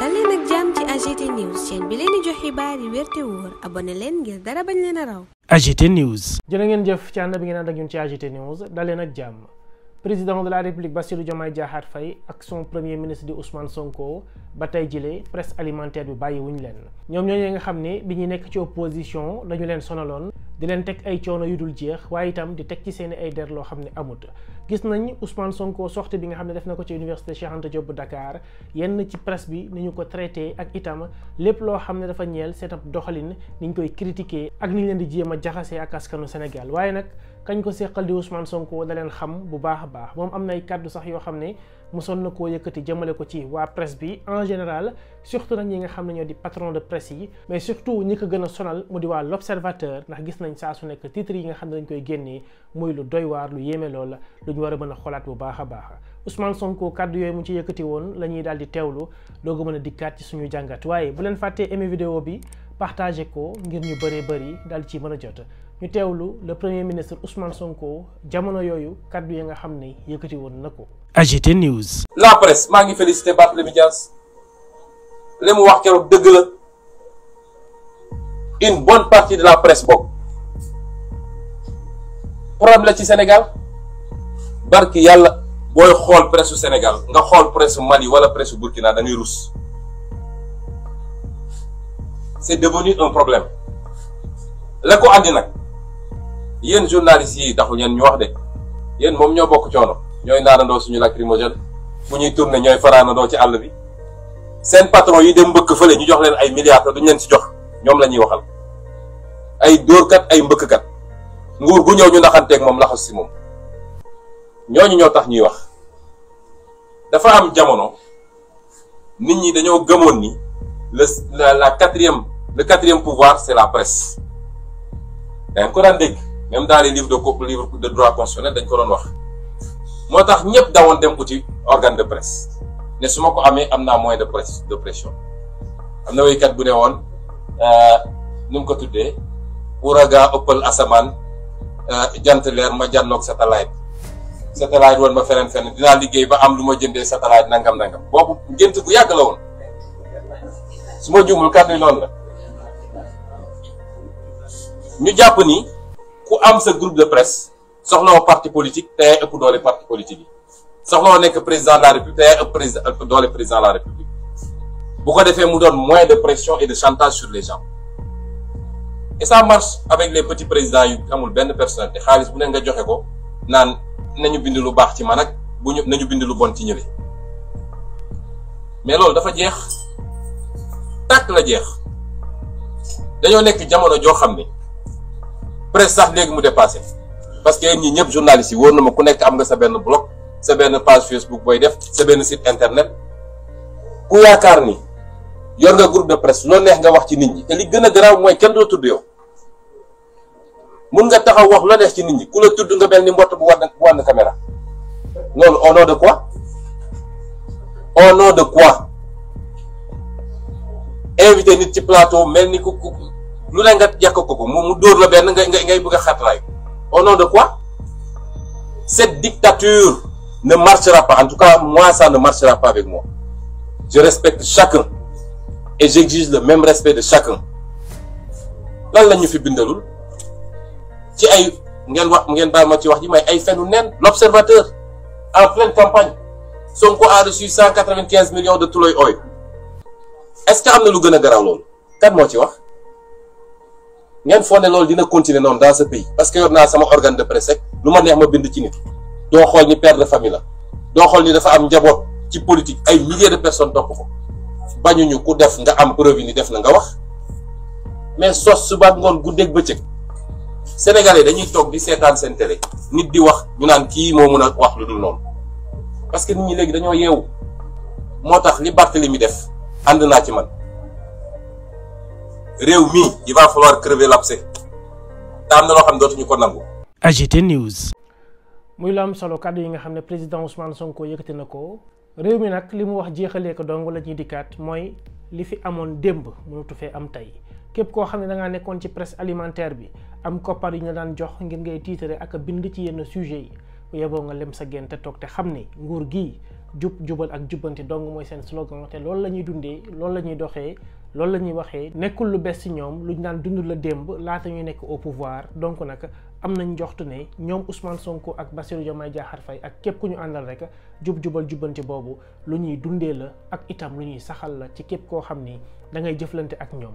dal leen ak jàmm ci AGT News chaîne bi leen di jox xibaar yi wér wóor abonné leen ngir dara bañ leen a raw. AGT News. jërë ngeen jëf ci bi ngeen ànd ak ci AGT News dal leen ak jàmm président de la république Bassirou Diomaye Diakhar Faye ak son premier ministre di Ousmane Sonko ba tey jile presse alimentaire bi bàyyi wuñ leen ñoom ñooñu nga xam ne bi ñuy nekk ci opposition dañu leen sonaloon. di leen teg ay coono yu dul jeex waaye itam di teg ci seen ay der loo xam ne amut gis nañ Ousmane Sonko sortie bi nga xam ne def na ko ci université Cheikh Anta Diop bu Dakar yenn ci presse bi ni ñu ko traité ak itam lépp loo xam ne dafa ñeel seen ab doxalin ni ñu koy critiquer ak ni ñu leen di jéem a jaxasee ak askanu Sénégal waaye nag kañ ko seqal di Ousmane Sonko da leen xam bu baax a baax moom am na ay kàddu sax yoo xam ne mosoon na koo yëkkati jëmale ko ci waa presse bi en général surtout nag ñi nga xam ne ñoo di patron de presse yi mais surtout ñi ko gën a sonal mu di waa l'observateur ndax gis nañ saa su nekk titres yi nga xam ne dañ koy génnee muy lu doy waar lu yéeme loola lu ñu war a mën a xoolaat bu baax a baax Ousmane Sonko kàddu yooyu mu ci yëkkati woon la ñuy daal di teewlu dooga mën a dikkaat ci suñu jàngat waaye bu leen fàttee aimé vidéo bi partagé ko ngir ñu bëree bari dal ci mën a jot ñu teewlu le premier ministre Ousmane Sonko jamono yooyu kaddu ya nga xam ne yëkkati woon na ko. AGT News. la presse maa ngi félicité Barthélémy Dias li mu wax keroog dëgg la une bonne partie de la presse boobu problème la ci Sénégal barki yàlla booy xool pressu su Sénégal nga xool presse Mali wala presse Burkina da ngay c'est devenu un problème la ko nag yéen journalistes yi taxul ñeen ñu wax de yéen moom ñoo bokk coono ñooy naanandoo suñu lacrymogène fu ñuy tourné ñooy faraanandoo ci àll bi seen patron yi de mbëkk fële ñu jox leen ay milliards te duñ leen ci jox ñoom la ñuy waxal ay dóorkat ay mbëkkkat nguur gu ñëw ñu naxanteeg moom laxas si moom ñooñu ñoo tax ñuy wax dafa am jamono nit ñi dañoo gëmoon ni le la la quatrième le quatrième pouvoir c'est la presse dañ ko daan dégg même dans les livres de livre de droit constitutionnel dañ ko doon wax moo tax ñëpp dawoon dem uti organe de presse ne su ma ko amee am naa moins de presse de pression am na waykat bu ne woon euh, nu mu ko tuddee ouragan ëppal asamaan euh, jant leer ma jànnoog satellite satellite woon ma feneen feneen dinaa liggéey ba am lu ma jëndee satellite nangam nangam boobu ngént bu yàgg la woon su ma juumul kàddu yi noonu la ñu jàpp ni ku am sa groupe de presse soxlawoo parti politique te ëpp doole parti politique yi soxlawoo nekk président de la république te ëpp président ëpp doole président la république bu ko defee mu doon moyen de pression et de chantage sur les gens et ça marche avec les petits présidents yu amul benn personnalité xaalis bu ne nga joxe ko naan nañu bind lu baax ci man ak bu ñu nañu bind lu bon ci ñële mais loolu dafa jeex tàkk la jeex dañoo nekk jamono joo xam ne. presse sax léegi mu dépassé parce que yéen ñi ñëpp journalistes yi wóor na ma ku nekk am na sa benn blog sa benn page Facebook booy def sa benn site internet ku yaakaar ni yor nga groupe de presse loo neex nga wax ci nit ñi te li gën a garaaw mooy kenn doo tudd yow mun nga taxaw wax loo neex ci nit ñi ku la tudd nga benn ni mbott bu war bu war caméra loolu au nom de quoi au nom de quoi invité nit ci plateau mel ni ku ku. lu ne nga yàq ko ko moom mu dóor la benn ngay ngay bëgg a xatraay au nom de koi cette dictature ne marchera pas en tout cas moi ça ne marchera pas avec moi je respecte chacun et j'exige le même respect de chacun lan la ñu fi bindalul ci ay ngeen wax ngeen baal moo ci wax ji may ay fenu neen l'observateur en pleine campagne son a reçu cent quatre quinze millions de touloy ooy est-ce que am na lu gën a garaaw loolu kan moo ci wax ngeen foog ne loolu dina continuer noonu dans ce pays parce que yor naa sama organe de presse rek lu ma neex ma bind ci nit doo xool ni père de famille la doo xool ni dafa am njaboot ci politique ay milliers de personnes topp ko bañuñu ku def nga am preuve ni def na nga wax mais sos suba ngoon guddeeg bëccëg sénégalais dañuy toog di seetaan seen télé nit di wax ñu naan kii moo mën a wax lu dul noonu parce que nit ñi léegi dañoo yeewu moo tax li Barthélemy def ànd naa ci man réew mi il va falloir crever l'abcès te ko nangu. AGT News. muy lu am solo kàddu yi nga xam ne président Ousmane Sonko yëkkati na ko réew mi nag li mu wax jeexalee ko dong la ñuy dikkaat mooy li fi amoon démb mënatu fee am tey képp koo xam ne da nekkoon ci presse alimentaire bi am koppar yu ñu daan jox ngir ngay tiitare ak bind ci yenn sujets yi yeboo nga lem sa génte toog te xam ne nguur gii. jub jubal ak jubbanti dong mooy seen slogan te loolu la ñuy dundee loolu la ñuy doxee loolu la ñuy waxee nekkul lu bees ci ñoom luñ naan dund la démb laata ñu nekk au pouvoir donc nag am nañ joxtu ne ñoom Ousmane Sonko ak Bassirou Diomaye Diakhar Faye ak képp ku ñu àndal rek jub jubal jubbanti boobu lu ñuy dundee la ak itam lu ñuy saxal la ci képp koo xam ni da ngay jëflante ak ñoom.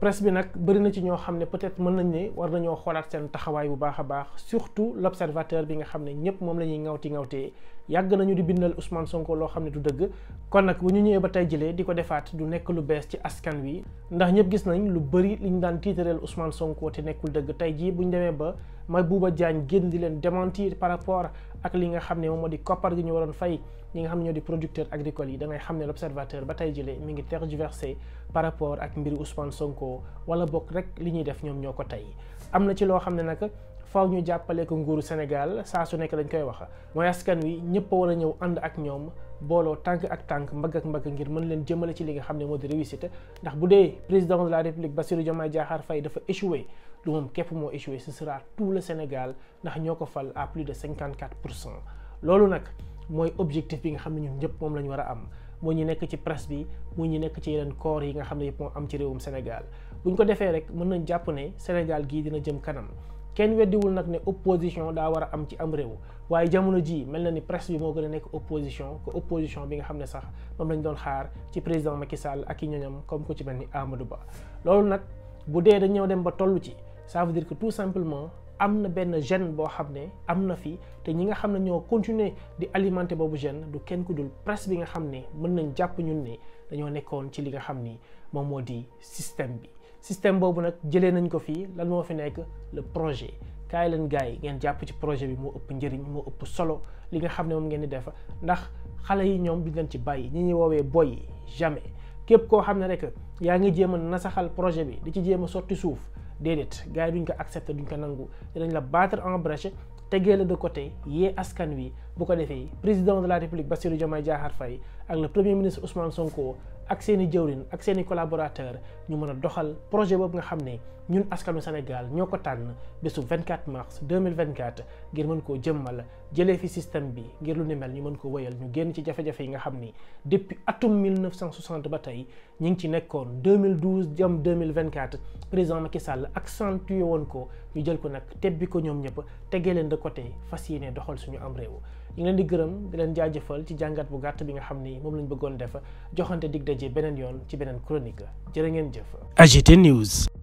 presse bi nag bëri na ci ñoo xam ne peut-être mën nañ ne war nañoo xoolaat seen taxawaay bu baax a baax surtout l'observateur bi nga xam ne ñëpp moom la ñuy ngawti ngawtee yàgg nañu di bindal Ousmane Sonko loo xam ne du dëgg kon nag bu ñu ñëwee ba tey jëlee di ko defaat du nekk lu bees ci askan wi ndax ñëpp gis nañ lu bëri ñu daan tiitareel Ousmane Sonko te nekkul dëgg tey jii bu ñu demee ba Mabouba Diagne génn di leen demanti par rapport ak li nga xam ne moom moo di koppar gi ñu waroon fay ñi nga xam ne ñoo di producteur agricoles yi da ngay xam ne l'observateur ba tey jëlee mi ngi tergiversé par rapport ak mbiri Ousmane Sonko wala bokk rek li ñuy def ñoom ñoo ko tey am na ci loo xam ne nag faw ñu jàppale ko nguuru Sénégal saa su nekk dañ koy wax mooy askan wi ñëpp war a ñëw ànd ak ñoom booloo tànk ak tànk mbagg ak mbagg ngir mën leen jëmale ci li nga xam ne moo di réussite ndax bu dee président de la république Bassirou Diomaye Diakhar dafa échoué lu moom képp moo échoué ce sera le Sénégal ndax ñoo ko fal à plus de 54 pour cent loolu nag mooy objectif bi nga xam ne ñun ñëpp moom la ñu war a am moo ñu nekk ci presse bi moo ñu nekk ci yeneen corps yi nga xam ne yëpp moo am ci réewum Sénégal bu ko defee rek mën nañ jàpp ne Sénégal gii dina jëm kanam kenn weddiwul nag ne opposition daa war a am ci am réew waaye jamono ji mel na ni presse bi moo gën a nekk opposition que opposition bi nga xam ne sax moom lañ doon xaar ci président Macky Sall ak i ñoñam comme ko ci mel ni Amadou Ba loolu nag bu dee dañ ñëw dem ba toll ci ça veut dire que tout simplement am na benn gène boo xam ne am na fi te ñi nga xam ne ñoo continuer di alimenter boobu gène du kenn ku dul presse bi nga xam ne mën nañ jàpp ñun ne dañoo nekkoon ci li nga xam ni moom moo di système bi système boobu nag jëlee nañ ko fii lan moo fi nekk le projet kaay leen gars yi ngeen jàpp ci projet bi moo ëpp njëriñ moo ëpp solo li nga xam ne moom ngeen di def ndax xale yi ñoom duñ leen ci bàyyi ñu ngi woowee boy yi jamais képp koo xam ne rek yaa ngi jéem a nasaxal projet bi di ci jéem a sotti suuf déedéet gars yi duñ ko accepté duñ ko nangu nañ la battre en brèche tegee la de côté yee askan wi bu ko defee président de la république Bassirou Diomaye Diakhar Faye ak le premier ministre Ousmane ak seen i jëwrin ak seeni collaborateur ñu mën a doxal projet boobu nga xam ne ñun askanu Sénégal ñoo ko tànn bésu 24 mars 2024 ngir mën koo jëmmal jëlee fi système bi ngir lu ni mel ñu mën ko wëyal ñu génn ci jafe-jafe yi nga xam ni depuis atum 1960 ba tey ñu ngi ci nekkoon 2012 jëm 2024 président Macky Sall accentué woon ko ñu jël ko nag tebbi ko ñoom ñëpp tegee leen de côté fas yéene doxal suñu am réew yi ngeen di gërëm di leen jaajëfal ci jàngat bu gàtt bi nga xam ni moom lañu bëggoon def joxante dig daje beneen yoon ci beneen chronique jërë ngeen jëf AGT News